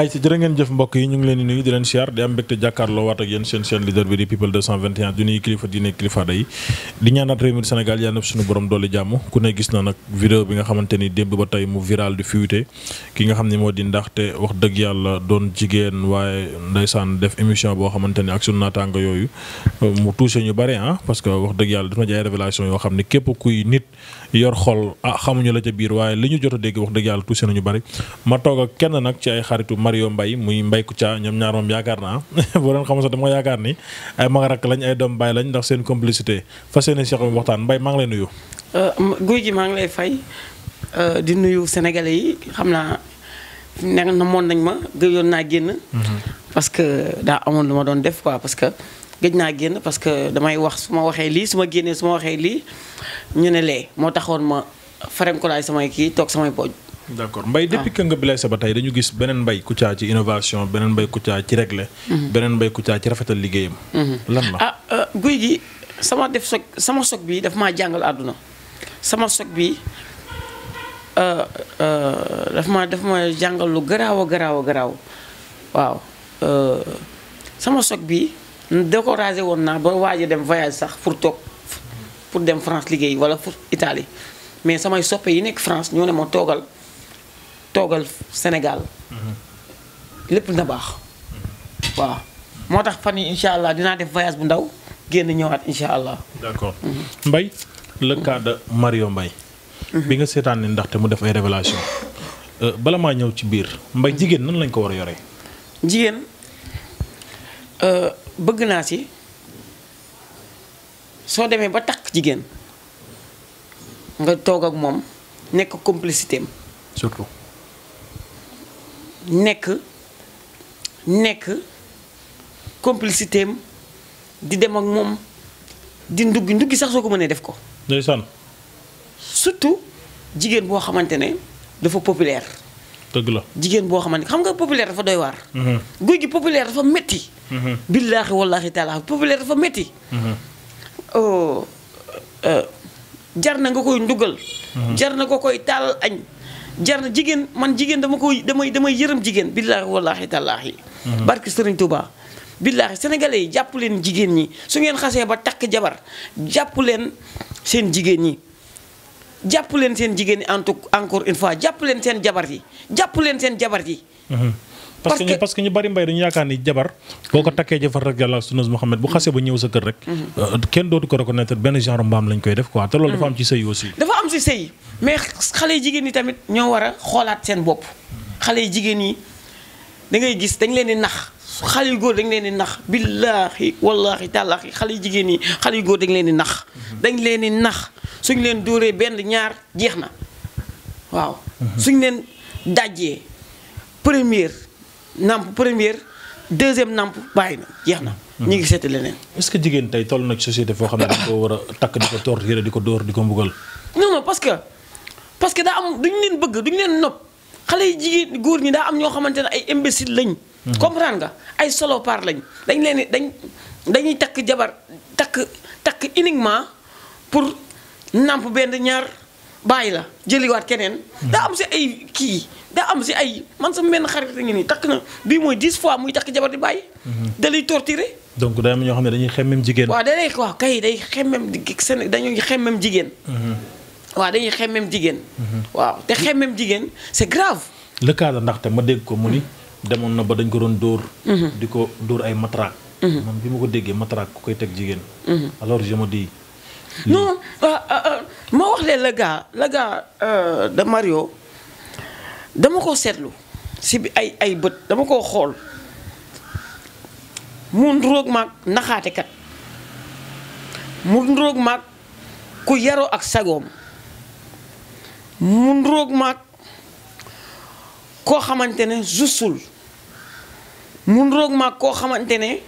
ay ci jërë ngeen jëf mbokk yi ñu ngi leen di nuyu di leen siyaar di am mbégte jàkkaarloo waat ak yéen seen seen leader bi di people 221 di nuyu kilifa diine kilifa day di ñaanaat réew mi Sénégal yal suñu borom doole jàmm ku ne gis na nag vidéo bi nga xamante démb ba tey mu viral di fuité ki nga xam ne moo di ndaxte wax dëgg yàlla doon jigéen waaye ndeysaan def émission boo xamante ni ak suñu naataango yooyu mu touché ñu bare ah, parce que wax dëgg yoo xam ne yor xol ah xamuñu la ca biir waaye li ñu jot a dégg wax dëgg yàlla tuuti nañu bari ma toog ak kenn nag ci ay xaritu Mario Mbaye muy Mbaye Kouthia ñoom ñaar moom yaakaar naa boo doon xamul sax dama yaakaar ni ay mag doom baay lañ ndax seen complicité fas yéene Cheikh bi waxtaan Mbaye maa ngi lay nuyu. Euh, guy gi maa ngi lay fay euh, di nuyu sénégalais yi xam naa nekk na moon nañ ma gëjoon naa génn. Mhm. parce que daa amoon lu ma doon def quoi parce que. géej naa génn parce que damay wax suma waxee lii su ma génnee su ma waxee lii ñu ne lee moo taxoon ma farem ko laay samay kii toog samay boj d' accord Mbaye ah. depuis que nga blessé ba tey dañu gis beneen Mbaye Kouthia ci innovation beneen Mbaye Kouthia ci réglé. Mhm. beneen Mbaye Kouthia ci rafetal liggéeyam. Mhm. lan la ah euh, guy gi sama def soog sama soog bi daf maa jàngal àdduna sama soog bi euh, euh, daf ma daf ma jàngal lu garaaw a garaaw a garaaw waaw sama soog bi découragé woon naa ba waaj dem voyage sax pour toog pour dem France liggéey wala pour Italie mais samay soppe yi nekk France ñoo ne ma toogal toogal Sénégal mm-hmm. lépp na baax mm-hmm. waaw moo tax fan yi incha allah dinaa def voyage bu ndaw génn ñëwaat incha allah. d'accord mm-hmm. Mbaye le cas de Mario Mbaye bi nga seetaan ne ndaxte mu def ay révélation euh, bala maa ñëw ci biir mbay jigéen nan lañ ko war a yoree jigéen. Euh, bëgg naa si soo demee ba takk jigéen nga toog ak moom nekk complicité am surtout nekk nekk complicité di dem ak moom di nduggi nduggi sax soo ko mënee def ko ndeysaan surtout jigéen boo xamante ne dafa populaire dëgg la jigéen boo xamante xam nga populaire dafa doy waar. Mhm. guy gi populaire dafa metti mhm. billaahi wallaahi taalaa populaire dafa metti mhm. oh, euh, jar na nga koy ndugal. jar na ko koy taal añ. jar na jigéen man jigéen dama koy damay damay yërëm jigéen billaahi wallaahi taalaahi. barki Serigne Touba. billaahi sénégalais yi jàpp leen jigéen ñi su ngeen xasee ba takk jabar jàpp leen seen jigéen ñi. jàpp leen seen jigéen yi en tout encore une fois jàpp leen seen jabar yi jàpp leen seen jabar yi. Mhm. parce que parce que ñu bari mbay dañu yaakaar ni jabar boo ko takkee jëfar rek yàlla ak sunnas Muhammad bu xasee ba ñëw sa kër rek. Mhm. Euh, kenn dootu ko reconnaître benn genre mbaam lañ koy def quoi te loolu dafa mhm. am ci sëy aussi. dafa am ci sëy mais xale yu jigéen ñi tamit ñoo war a xoolaat seen bopp xale yi jigéen ñi da ngay gis dañ leen di nax xale yu góor dañ leen di nax billaahi wallaahi tàllaahi xale yu jigéen yi xale yu góor dañ leen di nax dañ leen di nax suñ leen dóoree benn ñaar jeex na waaw suñ leen dajjee première nàmp première deuxième nàmp bàyyi na jeex na ñu ngi seeti leneen est que jigéen tey toll na ci société foo xam ne dañ ko war a takk di ko torturer di ko dóor di ko mbugal non non parce que parce que daa am duñu leen bëgg duñu leen nopp xale yi jigéen góor ñi daa am ñoo xamante ne ay imbécile lañ comprendre nga ay solo par lañ dañ leen dañ dañuy takk jabar takk takk uniquement pour namp benn ñaar bàyyi la jëliwaat keneen. Hmm. daa am si ay kii daa am si ay man sama benn xarit a ngi nii takk na bii mooy dix fois muy takk jabar di bàyyi. Hmm. da lay torturer. donc day am ñoo xam ne dañuy xemmem jigéen. waaw da lay waaw kay day xemmem di seen dañuy xemmem jigéen. Hmm. waaw dañuy xemmem jigéen. waaw te xemeem jigéen c'est grave. le cas la ndaxte ma dégg ko mu ni. demoon na ba dañ ko doon dóor. Mhm. di ko dóor ay matraque. Mhm. man bi ma ko déggee matraque ku koy teg jigéen. Mhm. alors je me dis. Euh, euh, euh, ma wax leen le gars le gars dama ko seetlu si bi ay bët dama koo xool mu nduroog maag naxaatekat mu nduroog maag ku yaroo ak sagoom mu nduroog maag koo xamante ne justul mun roog maag koo xamante ne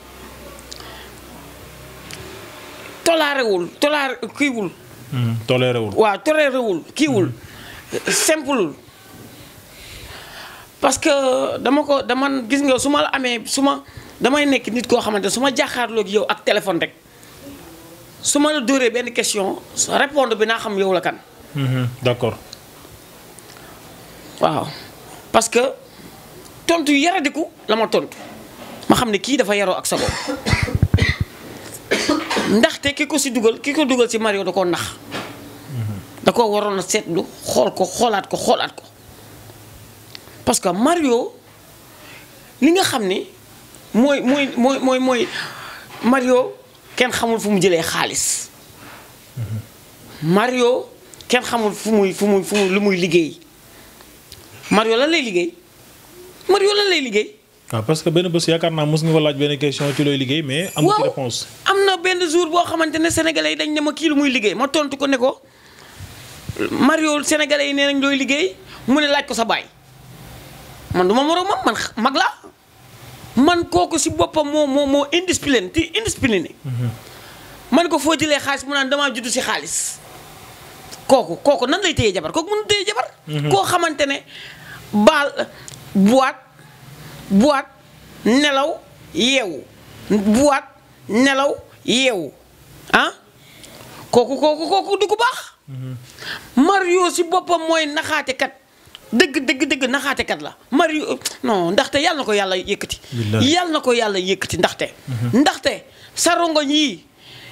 tolaarewul toléré kiiwul. Hmm, tolérewul waaw tolérewul kiiwul hmm. simple. parce que dama ko dama gis nga su ma la amee su ma damay nekk nit koo xamante su ma jàkkaarloog yow ak téléphone rek su ma la dóoree benn question sa bi naa xam yow la kan. Hmm, waaw parce que tontu yaradiku la ma tontu. ma xam ne kii dafa yaroo ak sa bopp ndaxte ki ko si dugal ki ko dugal si Mario da ko nax da ko waroon a seetlu xool ko xoolaat ko xoolaat ko parce que Mario li nga xam ne mooy mooy mooy mooy mooy Mario kenn xamul fu mu jëlee xaalis Mario kenn xamul fu muy fu muy fu muy lu muy liggéey Mario la lay liggéey Mario lan lay liggéey waaw ah, parce que benn bés yaakaar naa mos nga ko laaj benn question ci looy liggéey mais. am ci na benn jour boo xamante ne sénégalais yi dañ ne ma kii lu muy liggéey ma tontu ko ne ko Mario sénégalais yi nee nañ looy liggéey mu ne laaj ko sa baay man du ma moromam man mag laa man kooku si boppam moo moo moo indiscipliné ti indiscipliné. Mhm. man ko foo jëlee xaalis mu naan damaa juddu si xaalis kooku kooku nan lay téye jabar kooku mënul téye jabar. Mhm. koo xamante ne baal boîte. buwaat nelaw yeewu buwaat nelaw yeewu ah kooku kooku kooku du ko baax mm-hmm. Mario si boppam mooy naxaate kat dëgg dëgg dëgg naxaate kat la Mario non ndaxte yàlla na ko yàlla yëkkati yàlla na ko yàlla yëkkati ndaxte mm-hmm. ndaxte sa rongoñ yii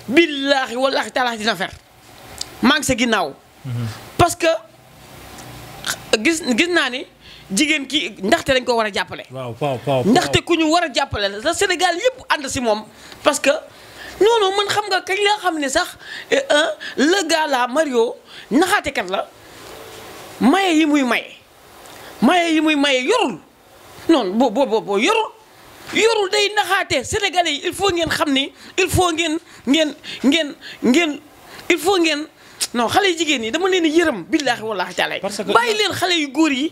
billaahi wallaahi taalaahi dina fer maa ngi sa ginnaaw mm-hmm. parce gis gis naa ni jigéen ki ndaxte dañ ko war a jàppale. waaw waaw waaw ndaxte ku ñu war a jàppale la Sénégal yëpp ànd si moom parce que. non non xam nga kañ laa xam ne sax eh, la gars là Mario naxaatekat la maye yi muy maye maye yi muy maye yorul noonu boo boo boo yorul yorul day naxaate sénégalais yi il faut ngeen xam ni il faut ngeen ngeen ngeen ngeen il faut ngeen non xale yu jigéen ñi dama leen yërëm billaahi wallaahi taala bàyyi leen xale yu góor yi.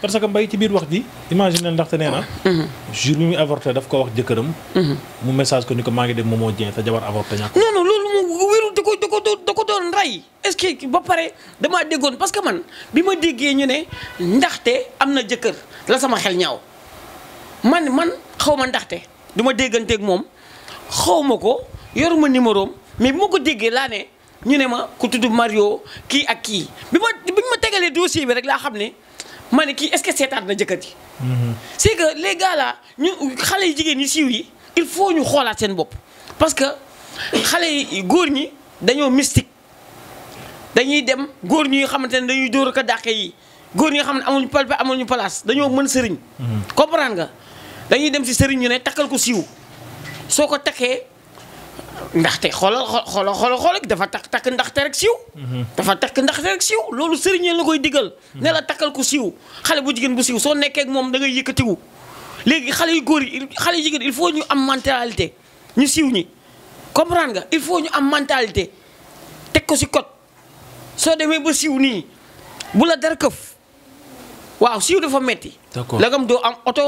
parce que mbay ci biir wax ji imagine ndaxte nee na. Mhm. jour bi muy avorté daf ko wax jëkkëram. Mhm. mu message ko ni ko maa ngi dem Momo Dieng sa jabar avorté ñàkk. non non loolu moom wérul ko da ko da ko doon rey est-ce que pare damaa déggoon parce que man bi ma déggee ñu ne ndaxte am na jëkkër la sama xel ñaaw man man xaw ma ndaxte du ma moom xaw ma ko yoruma numéro mais bi ma ko déggee laa ne ñu ne ma ku tudd Mario kii ak kii bi ma bi ma tegalee dossier bi rek laa xam ne. ma kii est-ce que seetaat na jëkkër ji. Mm-hmm. c'est que les gars ñu xale yi jigéen yi siiw yi il faut ñu xoolaat seen bopp parce que xale yi góor ñi dañoo mystique dañuy dem góor ñi xamante ne dañuy dóor ko dàqe yi góor ñi nga xam ne amuñu palpe amuñu place dañoo mën sëriñ. Mm-hmm. comprendre nga dañuy dem si sëriñ ñu ne takkal ko siiw soo ko takkee ndaxte xoolal xoolal xoolal xoolal dafa takk takk ndaxte rek siiw. Mhm. dafa takk ndaxte rek siiw loolu sëriñ la koy digal. Mhm. ne la takkal ko siiw xale bu jigéen bu siw soo nekkee moom da ngay yëkkatiwu léegi xale yu góor yi xale yu jigéen il faut ñu am mentalité ñu siw ñi comprendre nga il faut ñu am mentalité teg ko si kot soo demee ba siw nii bu la dara këf waaw siiw dafa metti la nga doo am oto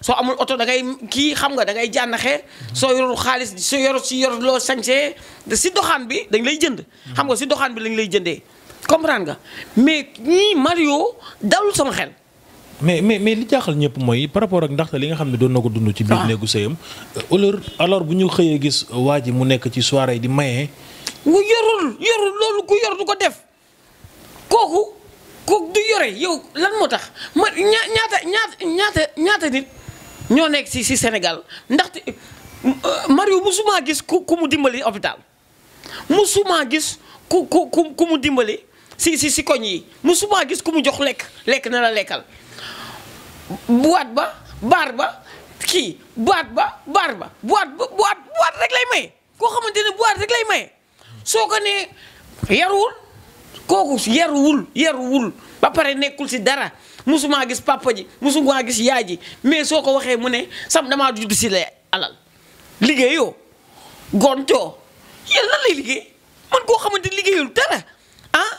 soo amul oto dangay kii xam nga da ngay jànnaxee soo yorul xaalis soo yorul si yorul loo sañsee si doxaan bi dañ lay jënd xam nga si doxaan bi lañ lay jëndee comprendre nga mais ñii Mario dalul sama xel mais mais mais li jaaxal ñëpp mooy par rapport ak ndaxte li nga xam ne doon na ko dund ci biir ah. néegu sëyam alors alors bu ñu xëyee gis waa ji mu nekk ci soirée di maye. mu yorul yorul loolu ku yor du ko def kooku kook du yore yow lan moo tax ma ñaata ñaata ñaata ñaata nit ñoo nekk si si Sénégal ndaxte euh, Mario musuma gis ku ku mu dimbali hôpital musuma gis ku ku mu dimbali si si si koñ yi musuma gis ku mu jox lekk lekk na la lekkal boîte ba baar ba kii boîte ba baar ba boîte ba boîte rek lay maye koo xamante ne boîte rek lay maye soo ko nee yaruwul kooku yaruwul yaruwul ba pare nekkul si dara musuma gis papa ji musuma gis yaay ji mais soo ko waxee mu ne sam damaa judd si la alal liggéeyoo gontoo yéen lan lay liggéey man koo xamante liggéeyul dara ah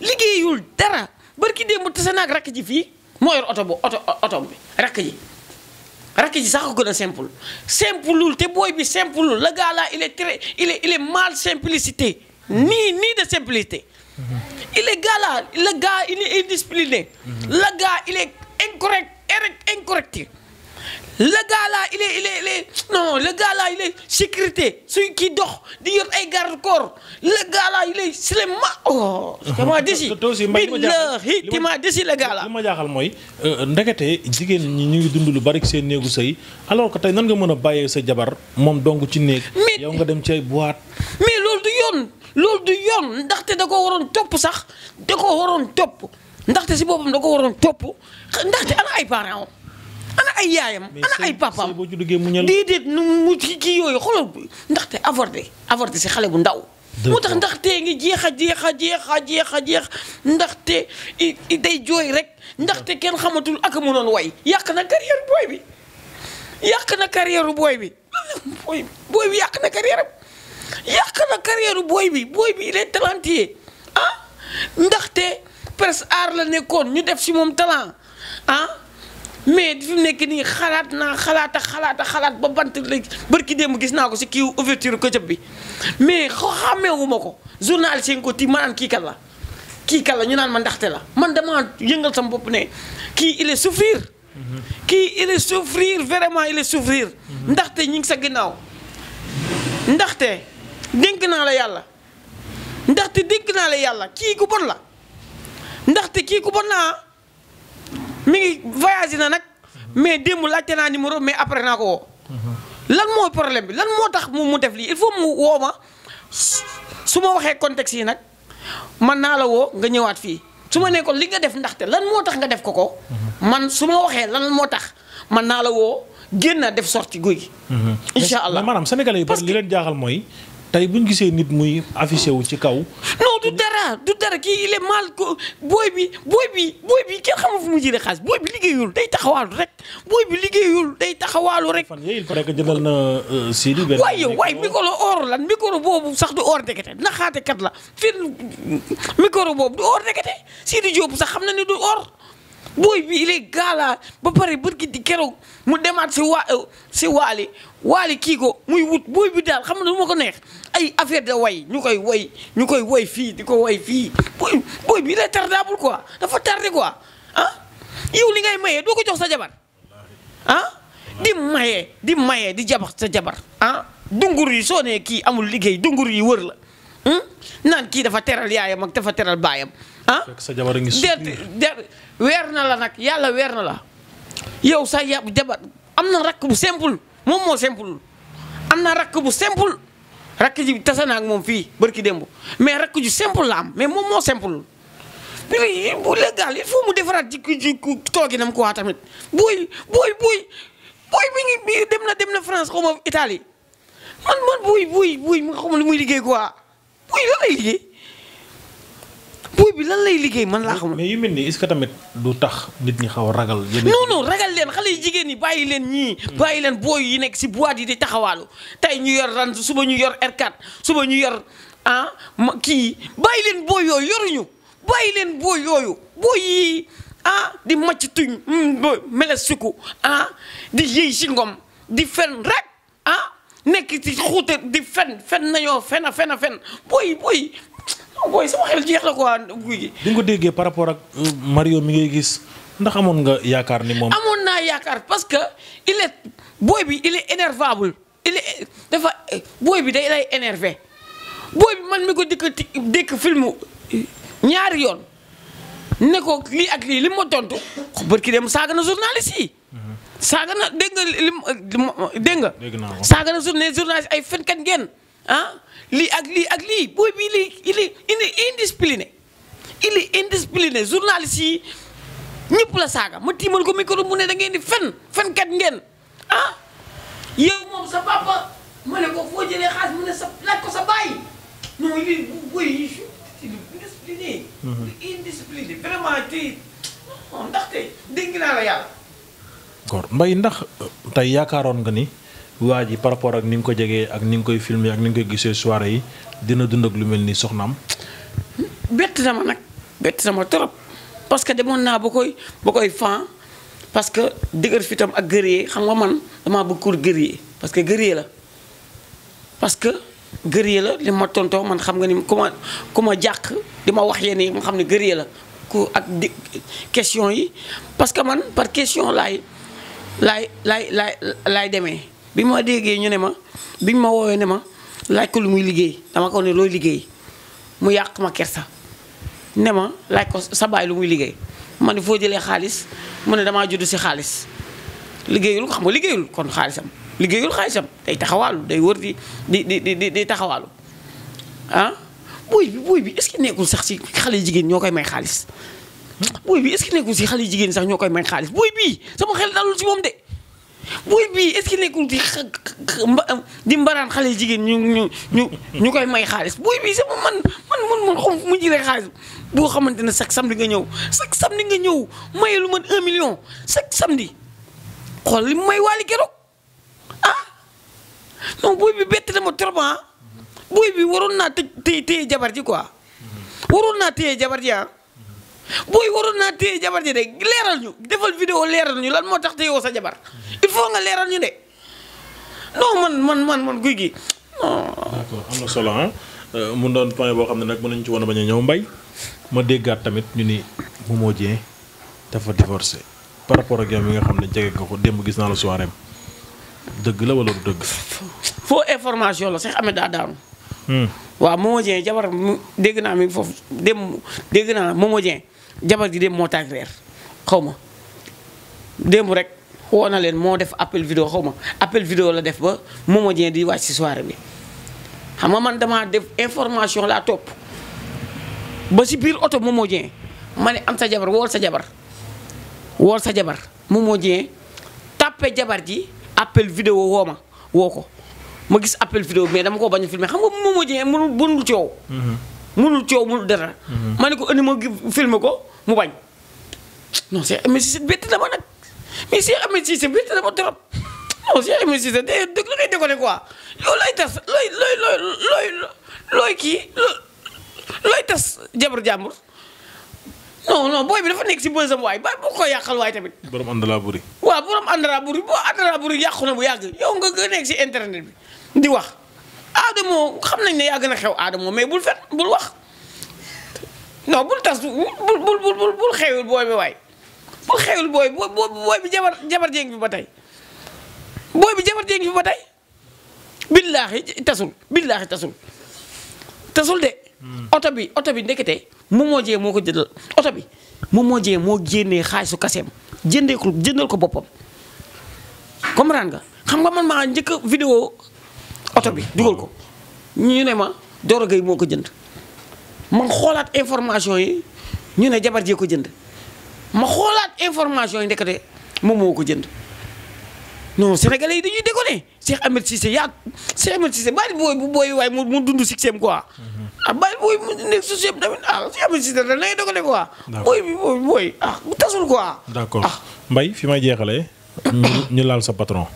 liggéeyul dara barki démb tase naag rakk ji fii moo yor oto bu oto oto bi rakk ji rakk ji sax ko gën a simple simplul te booy bi simplul la gaa laa il est très il mal simplicité nii nii de simplicité Mm-hmm. il est gars là le gars il est indiscipliné. Mm-hmm. le gars il est incorrect incorrect. le gars là le sécurité suy kii dox di yor ay garde corps la gars là il est seulement oh. dama desi billahi dama desi le gars là. ma jaaxal mooy euh, ndekete jigéen ñi ñu ngi dund lu bari seen néegu sëy alors que tey nan nga mën a bàyyee sa jabar moom dong ci néeg. yow nga dem ci ay boîte. mais loolu du yoon loolu du yoon ndaxte da ko waroon topp sax da ko waroon topp ndaxte si boppam da ko waroon topp ndaxte ana ay parents ay yaayam ana ay papaam déedéet nu mu ci kii yooyu xoolal ndaxte avorté avorté si xale bu ndaw moo tax ndaxte ngi jeex a jeex a jeex a jeex a jeex ndaxte i day jooy rek ndaxte kenn xamatul ak a mënoon way yàq na carrière booy bi yàq na carrière booy bi booy bi booy bi yàq na carrière yàq na carrière booy bi booy bi il est talentueux ah ndaxte presse aar la nekkoon ñu def si moom talent ah mais fi mu nekk nii xalaat naa xalaata xalaata xalaat ba bant léegi barki démb gis naa ko si kii ouverture ko jëb bi mais xàmmeewu ma ko journaliste yi ko ti ma naan kii kan la kii kan la ñu naan ma ndaxte la man dama yëngal sama bopp ne kii il est kii il est souffrir vraiment il est ndaxte ñi ngi sa ginnaaw ndaxte dénk naa la yàlla ndaxte dénk naa la yàlla kii ku bon la ndaxte kii ku bon naa mi ngi voyagé na nag mais démb laajte naa numéro mais après naa ko woo. lan mooy problème bi lan moo tax mu mu def lii il faut mu woo ma su ma waxee contexte yi nag man naa la woo nga ñëwaat fii su ma nee ko li nga def ndaxte lan moo tax nga def ko ko. man su ma waxee lan moo tax man naa la woo génn def sorti guy. Mhm. incha allah maanaam sénégalais yi li leen jaaxal mooy. tey bu ñu gisee nit muy affiché wu ci kaw. non du dara du dara kii il est ko booy bi booy bi booy bi kenn xamul fu mu jëlee xaalis booy bi liggéeyul day taxawaalu rek booy bi liggéeyul day taxawaalu rek. fan yii il paraît que na euh, Sidi. benn waay yow waay micro or lan micro boobu sax du or ndekete naxaate kat la fii micro boobu du or ndekete Sidi Diop sax xam na ne du or. booy bi il est ba pare bërki di keroog mu demaat si waa euh, si waali waali kii ko muy wut booy bi daal xam nga lu ma ko neex ay affaire de way ñu koy way ñu koy way fii di ko way fii booy booy bi il est tardable quoi dafa tardé quoi ah yow li ngay maye doo ko jox sa jabar ah di mayee di mayee di jabar sa jabar ah dungur yi soo nee kii amul liggéey dungur yi wër la hmm? naan kii dafa teral yaayam ak dafa teral baayam ah déet weer na la nag yàlla weer na la yow sa yàb jabar am na rakk bu simple moom moo simple am na rakk bu simple rakk ji tase naa moom fii barki démb mais rakk ju simple la am mais moom moo simple bi bu légal il faut mu defaraat tamit booy dem na dem na France xaw ma Italie man man booy booy booy xaw ma lu muy liggéey quoi booy lan lay liggéey buuy bi lan lay liggéey man laa xamul. mais yu mel nii est tamit du tax nit ñi xaw a ragal. yéen non non ragal leen xale yu jigéen ñi bàyyi leen ñii. Hmm. bàyyi leen booy yi nekk si boîte yi di taxawaalu tey ñu yor ran suba ñu yor R4 suba ñu yor ah ma kii bàyyi leen booy yooyu yoruñu bàyyi leen booy yooyu booy yi ah, di màcc tuñ mm, meles suku ah di yëy si ngom di fen rek ah, nekk ci xuute di fen fen nañoo fen a fen a fen booy booy. non booy sama xel jeex na ko guy gi. bi nga ko déggee par rapport ak euh, Mario mi ngay gis ndax amoon nga yaakaar ni moom. amoon naa yaakaar parce que il est booy bi il est énervable il est dafa booy bi day ay énervé booy bi man mi ko dëkk dëkk film ñaari yoon ne ko lii ak lii li ma tontu bët ki dem saaga na journaliste yi. Mhm. saaga na dégg nga li dégg nga. dégg naa ko saaga na journaliste ay fenkat ngeen. Ah? lii ak lii ak lii booy bi lii il est il est indiscipliné il indiscipliné journaliste yi ñëpp la saaga ma tiimal ko micro mu ne da ngeen di fen fenkat ngeen ah yow moom sa papa ma ne ko foo jëlee xaalis mu ne sa laaj ko sa bàyyi non lii bu booy indiscipliné mhm. indiscipliné vraiment tey ndaxte dégg naa la yàlla. d'accord ndax tey yaakaaroon nga ni. waa ji par rapport ak ni nga ko jegee ak ni nga koy filmé ak ni nga koy gisee soirée yi dina dund ak lu mel nii soxnaam. bett na ma nag bett na ma trop parce que demoon naa ba koy ba koy fan parce que dëgër fitam ak gërëyee xam nga man damaa bëgg kur gërëyee parce que gërëyee la parce que gërëyee la li ma tontoo man xam nga ni ku ma ku ma jàq di ma wax yéen yi ma xam ne gërëyee la ku ak di question yi parce que man par question laay laay lay laay laay demee. bi ma déggee ñu ne ma biñ ma woowee ne ma laaj ko lu muy liggéey dama ko ne looy liggéey mu yàq ma kersa ne ma laaj ko sa baay lu muy liggéey ma ne foo jëlee xaalis mu ne damaa juddu si xaalis liggéeyul xam nga liggéeyul kon xaalisam liggéeyul xaalisam day taxawaalu day wër di di di di di taxawaalu ah? booy bi booy bi est nekkul sax si xale jigéen ñoo koy may xaalis booy bi est-ce que nekkul si xale jigéen sax ñoo koy may xaalis booy bi sama xel si moom booy bi est-ce que nekkul di di mbaraan xale jigéen ñu ñu ñu ñu koy may xaalis booy bii sama man man man man xaw mu jiree xaalis boo xamante ne chaque samedi nga ñëw chaque samedi nga ñëw maye lu ma un million chaque samedi xool li mu may waali keroog ah non booy bi bett dama trop ah bi waroon naa tëj téye jabar ji quoi waroon naa téye jabar ji ah booy waroon naa téye jabar ji de leeral ñu defal vidéo leeral ñu lan moo tax téyewoo sa jabar faut nga leeral ñu de non man man man man guy gi. d'accord am na solo ah mu doon point boo xam ne nag mën nañu ci woon bañ a ñëw mbay ma déggaat tamit ñu ni Momo Dieng dafa divorcé par rapport ak yow mi nga xam ne jege nga ko démb gis naa la soirée dëgg la wala du dëgg. faux information la sax amee daa daanu. Hmm. waaw Momo Dieng jabar dégg naa mi foofu dem dégg naa Momo Dieng jabar ji dem moo taag reer xaw ma démb rek woo na leen moo def appel vidéo xaw ma appel vidéo la def ba Momo Dieng di wàcc ci soirée bi xam nga man damaa def information laa topp ba ci biir oto Momo Dieng ma ne am sa jabar wool sa jabar wool sa jabar Momo Dieng tàppe jabar ji appel vidéo woo ma woo ko ma gis appel vidéo mais dama ko bañ a filmer xam nga Momo Dieng mënul mënul coow mm-hmm. mënul coow mënul dara mm-hmm. ma ne ko indi ma ko mu bañ non c'est mais c'est bett dama nag mais si Ahmed Cissé si dama trop non Cheikh Ahmed Cissé day dëgg lu ngay déconné quoi loolu lay tas looy looy looy looy looy kii looy tas jabar jàmbur non non booy bi dafa nekk si bësam waay ba bu ko yàqal waay tamit. borom àndalaa buri. waaw borom àndalaa buri buri yàqu na bu yàgg yow nga nga nekk si internet bi di wax Adamo xam nañ ne yaa gën a xew Adamo mais bul fen bul wax non bul tas bul bul bul bul xewul booy bi waay. boo xewul booy boo booy bi jabar jabar jéng fi ba tey booy bi jabar jéng fi ba tey billaahi tasul billaahi tasul tasul de. Hmm. oto bi oto bi ndekete moom moo jee moo ko jëndal oto bi moom moo jee moo génnee xaalisu kaseem jëndee jëndal ko boppam comprendre nga xam nga man maa njëkk vidéo oto bi dugal ko ñu ne ma Doro Gueye moo ko jënd man xoolaat information yi ñu ne jabar jee ko jënd. ma xoolaat information yi ndekete moom moo ko jënd non sénégalais yi dañuy déconné Cheikh Ahmed Cissé yaa Cheikh Ahmed Cissé bàyyi bu booy waaye mu dund succès quoi. Mhm. Ah, booy mu ah, quoi. booy bi booy booy ah bu tasul quoi. d' accord ah. Mbaye fi may jeexalee. ñu laal sa patron.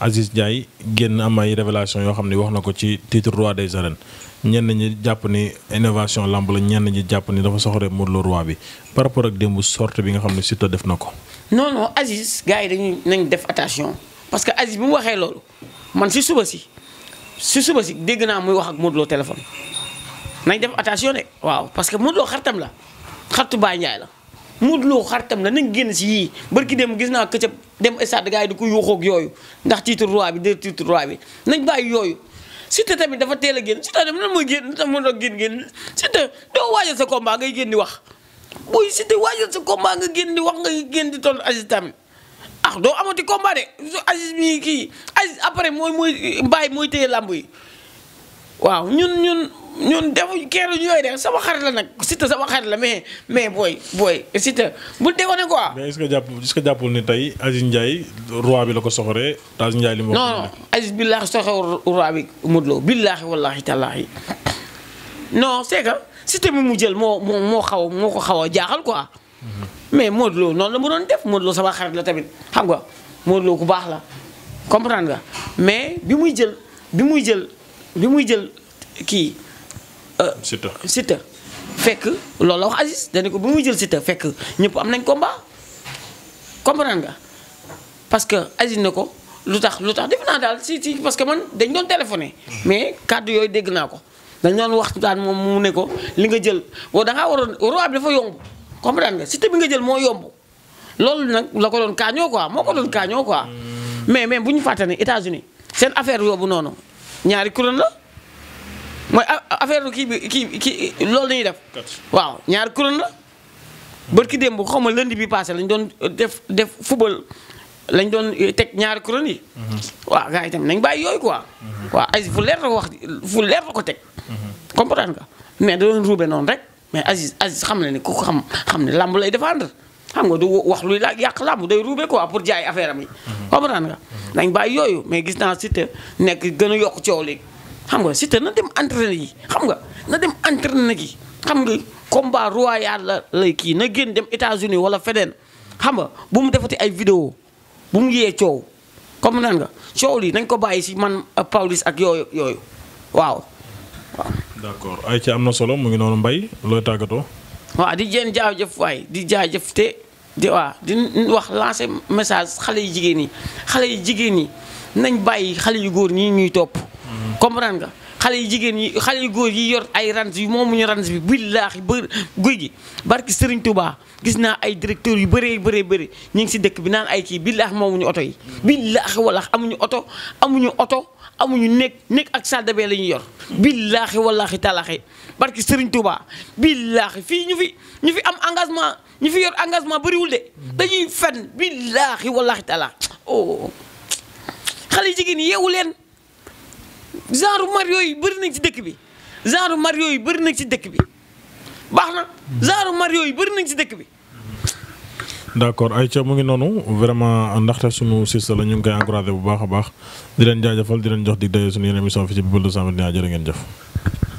Aziz Ndiaye génn am ay révélation yoo xam ne wax na ko ci titre roi des arènes. ñenn ñi jàpp ni innovation lamb la ñenn ñi jàpp ni dafa soxore Modou Lo roi bi par rapport ak démb sorte bi nga xam ne Siteu def na ko. non non Aziz gars yi dañuy nañ def attention parce que Aziz bi mu waxee loolu man si suba si si suba si dégg naa muy wax ak Modou Lo nañ def attention de waaw parce que Modou Lo xaritam la xaritu Baye Ndiaye la. Modou Lo xaritam la nañ génn si yii barki dem gis naa këcëb dem stade gars yi di ko yuuxoog yooyu ndax titre roi bi de titre roi bi nañ bàyyi yooyu. Siteu tamit dafa teel a génn Siteu tamit nan mooy génn tax a génn génn Siteu doo waajal sa combat ngay génn di wax buy Siteu waajal sa combat nga génn di wax ngay génn di toll Aziz tamit ah doo amati combat de Aziz mi kii Aziz après mooy mooy bàyyi mooy téye làmb yi waaw ñun ñun. ñun defuñ kenn yooyu de sama xarit la nag Siteu sama xarit la mais mais booy booy Siteu bul déggoo quoi. mais est-ce que jàpp est-ce bi la ko soxoree te li mu. non non Aziz billaahi soxor roi bi Modou Lo billaahi wallaahi tallaahi non mu jël moo moo moo xaw moo ko xaw a jaaxal quoi. Mhm. mais moodloo noonu la mu doon def Modou sama xarit la tamit xam nga Modou Lo ku baax la comprendre nga mais bi muy jël bi muy jël bi muy jël kii. Euh, Siteu fekk loolu la wax Aziz dana ko bu muy jël Siteu fekk ñëpp am nañ combat comprendre nga parce que Aziz na ko lu tax lu tax def naa daal si si parce que man dañ doon téléphoné mais kàddu yooyu dégg naa ko dañ doon waxtu daan moom mu ne ko li nga jël boo dangaa waroon roi bi dafa yomb comprendre nga Siteu bi nga jël moo yomb loolu nag la ko doon kaañoo quoi moo ko doon kaañoo quoi hmm. mais mais bu ñu fàtte ne uni seen affaire yoobu noonu ñaari kuréel la mooy affaire kii bi kii kii loolu dañuy def. waaw ñaari kuréel la. bët ki démb xaw ma lundi bi passé lañ doon def def football lañ doon teg ñaari kuréel yi. Mhm. waaw gars nañ bàyyi yooyu quoi. Mhm. waaw Aziz fu leer wax fu leer la ko teg. Mhm. comprendre nga mais da doon noonu rek mais Aziz xam na ne ku xam xam ne làmb lay défendre xam nga du wax luy yàq làmb day ruube quoi pour jaay affaire am yi. comprendre nga nañ bàyyi yooyu mais gis naa Siteu nekk gën a yokk coow léegi. xam nga Siteu na dem entraîné yi xam nga na dem entraîné yi xam nga combat royal la lay kii na génn dem États-Unis wala feneen xam nga bu mu defati ay vidéo bu mu yee coow comme naan nga coow lii nañ ko bàyyi si man Pawlish ak yooyu yooyu waaw waaw. d'accord ay ci am na solo mu ngi noonu mbay looy tàggatoo. waa di jéem jaajëf waay di jaajëf te di waa di wax lancer message xale yu jigéen yi xale yi jigéen yi nañ bàyyi xale yu góor ñi ñuy topp. comprendre nga xale yu jigéen yi xale yu góor yi yor ay ranz yu moomuñu ranz bi billaahi ba guy gi barki Serigne Touba gis naa ay directeurs yu bëree bëree bëri ñu ngi si dëkk bi naan ay kii billaahi moomuñu oto yi billaahi wallaahi amuñu oto amuñu oto amuñu nekk nekk ak saldabee la ñuy yor billaahi wallaahi talaahi barki Serigne Touba billaahi fii ñu fi ñu fi am engagement ñu fi yor engagement bëriwul de dañuy fenn billaahi wallaahi talaahi oh xale yu jigéen yi yeewu leen genre Mario yi bëri nañ ci dëkk bi genre Mario yi bëri nañ ci dëkk bi baax na genre Mario yi bëri nañ ci dëkk bi. d' accord Aïcha mu ngi noonu vraiment ndaxte sunu sister la ñu ngi koy encouragé bu baax a baax di leen jaajëfal di leen jox dig daje suñu yeneen émission fii ci People 221 jërë ngeen jëf.